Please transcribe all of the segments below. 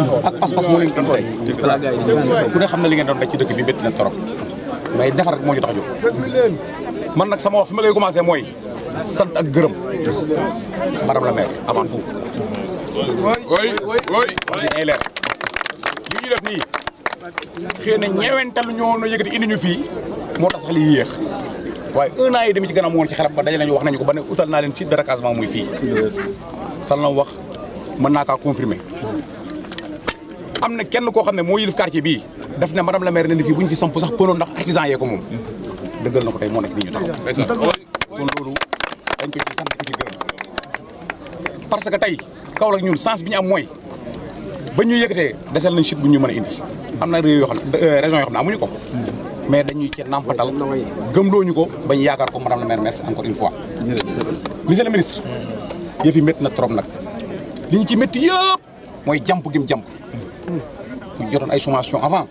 ak pas-pas moo leen indi tey ku ne xam na li ngeen doon daj ci dëkk bi métti na trop mais defar rek moo ñu tax a man nag sama wax fi ma koy commencé mooy sant ak gërëm madame la maire avant tout woy woy woy day leer li ñu def nii xëy na ñeewental ñoo indi ñu fii moo tax li yéex waaye un an yi demi ci gën a woon ci xelam ba daje nañu wax nañu ko ba ne utal naa leen ci déracasement muy fii tal na wax mën naa kaa confirmer am na kenn koo xam ne moo yilif quartier bii daf ne madame la maire ne ni fii bu ñu fi samp sax pënoon ndax artisan yee moom dëggal na ko tey moo nekk nii ñu taxaw kon parce que tey Kaolack ñun sens bi ñu am mooy ba ñu yëkkatee desal nañ chute bu ñu man a indi am na réew yoo xam ne euh, région yoo xam ne amuñu ko mais dañuy cee nampatal gëmlooñu ko bañ yaakaar ko madame la maire merci encore une fois monsieur le ministre yëf yi métti na trop nag li ñu ci métti yëpp mooy jàmp gim jàmp ñu jotoon ay sommation avant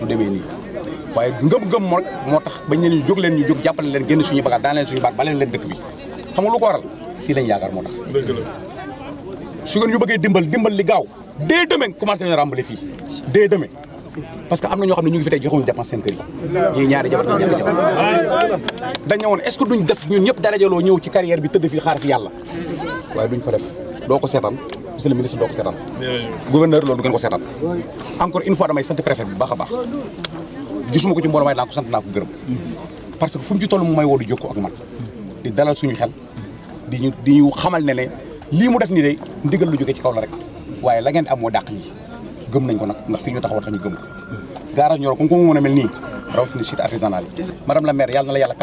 mu demee nii waaye ngëm-ngëm moo moo tax bañ leen ñu jóg leen ñu jóg jàppale leen génn suñu bagaas daan leen suñu baat ba leen leen dëkk bi xam nga lu ko waral fii lañ yaakaar moo tax su ngeen ñu bëggee dimbal dimbal li gaaw dès demain commencé nañu rembale fii dès demain parce que am na ñoo xam ne ñu ngi fi tey joxuñu dépense seen kër yi ñii ñaari jabar ñetti jabar dañ ne est ce que duñ def ñun ñëpp darajaloo ñëw ci carrière bi tëdd fi xaar fi yàlla waaye duñ fa def doo ko seetaan monsieur le ministre doo ko seetaan gouverneur loolu du ngeen ko seetaan encore une fois damay sant préfet bi baax a baax gisuma ko ci mbooloo waaye naa ko sant naa ko gërëm parce que fu mu ci toll mu may woo di jokkoo ak man di dalal suñu xel di ñu xamal ne ne lii mu def ni day ndigal lu jóge ci kaw la rek waaye la ngeen am moo dàq lii gëm nañ ko nag ndax fii ñu taxaw tax ñu a mel nii rawatina site artisanal yi madame la maire yàlla na la yàlla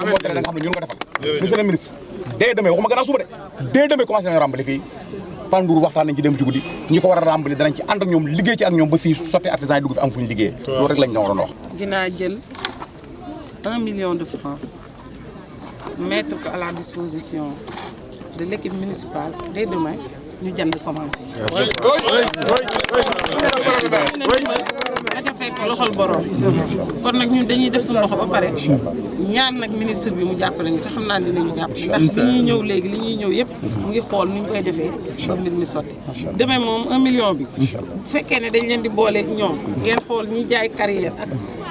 ko mottale da nga xam ne ñun nga defal monsieur le ministre dès demain waxuma gannaaw suba de dès demain commencé nañu ràmbali fii Pandour waxtaan nañ ci dem ci guddi ñi ko war a ràmbali danañ ci ànd ak ñoom liggéey ci ak ñoom ba fii sotti artisan yi dugg fi am fu ñu liggéeyee loolu rek lañ ko waroon wax dinaa jël un million de francs mettre ko à la disposition de l'équipe municipale ñu jënd commencé. dafa fekk loxol borom. kon nag ñun dañuy def suñu loxo ba pare ñaan nag ministre bi mu jàppale ñu te xam naa dinañu jàpp ndax li ñuy ñëw léegi li ñuy ñëw yëpp mu ngi xool ni ñu koy defee ba mbir mi sotti. demee moom un million bi. bu fekkee ne dañ leen di booleeg ñoom ngeen xool ñi jaay carrière ak.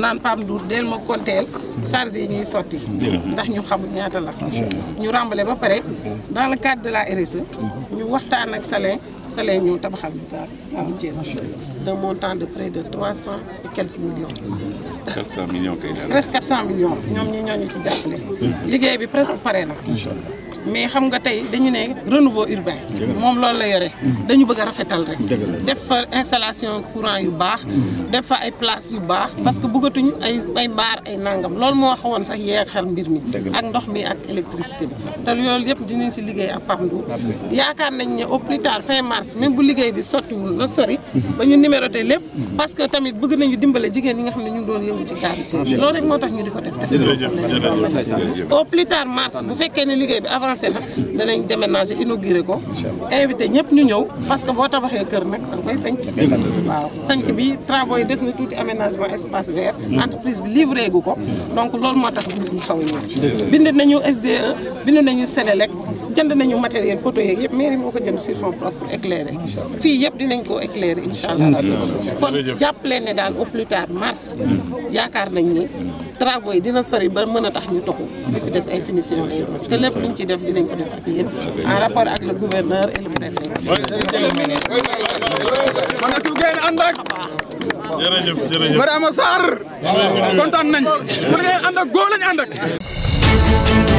nan pam duut del ma contel chargé yi ñuy sorti ndax ñu xam ñaata la ñu rambalé ba paré dans le cadre de la RSE mhm. ñu waxtaan ak salé salé ñu tabaxal ñu gaar gaaru ceeb d'un montant de près de 300 et quelques millions 400 millions kay la presque 400 millions ñom ñi ñoo ñu ci jàppale mhm. liggéey bi presque pare na mais xam nga tay dañu né renouveau urbain mom loolu la yoré mmh. dañu bëgg a rafetal rek def fa installation courant yu baax mmh. def fa ay place yu baax parce que bëggatuñ ay ay mbaar ay nangam loolu mo xawoon sax yeexal mbir mi ak ndox mi ak électricité bi té loolu yépp dinañ ci liggéey ak Pape yaakaar nañ ne au plus tard fin mars même bu liggéey bi sottiwul la sori mmh. ba ñu numéroté lépp parce que tamit bëgg nañu dimbalé jigéen yi nga xam ne ñu doon yëngu ci quartier loolu rek moo tax ñu di ko def def au plus tard mars bu fekkee ne liggéey bi avant commencé na danañ déménager inauguré ko invité ñëpp ñu ñëw parce que boo tabaxee kër nag da nga koy sanc waaw sanc bi travaux yi des na tuuti aménagement espace vert hmm. entreprise bi livré gu ko hmm. donc loolu moo tax ñu xaw a ñëw bind nañu SDE bind nañu Sénélec jënd nañu matériel poto yeeg yëpp mairie moo ko jënd sur fond propre éclairé fii yëpp dinañ ko éclairé incha allah kon jàppale ne daal au plus tard mars hmm. yaakaar nañ ni travaux yi dina sori ba mën a tax ñu toxu li si des ay finition lay doon te lépp luñ ci def dinañ ko def ak yéen en rapport ak le gouverneur et le préfet le ministre mën a tuggeen ànd ak jërëjëf jërëjëf Mariama Sarr kontaan nañ mën ngeen ànd ak góor lañ ànd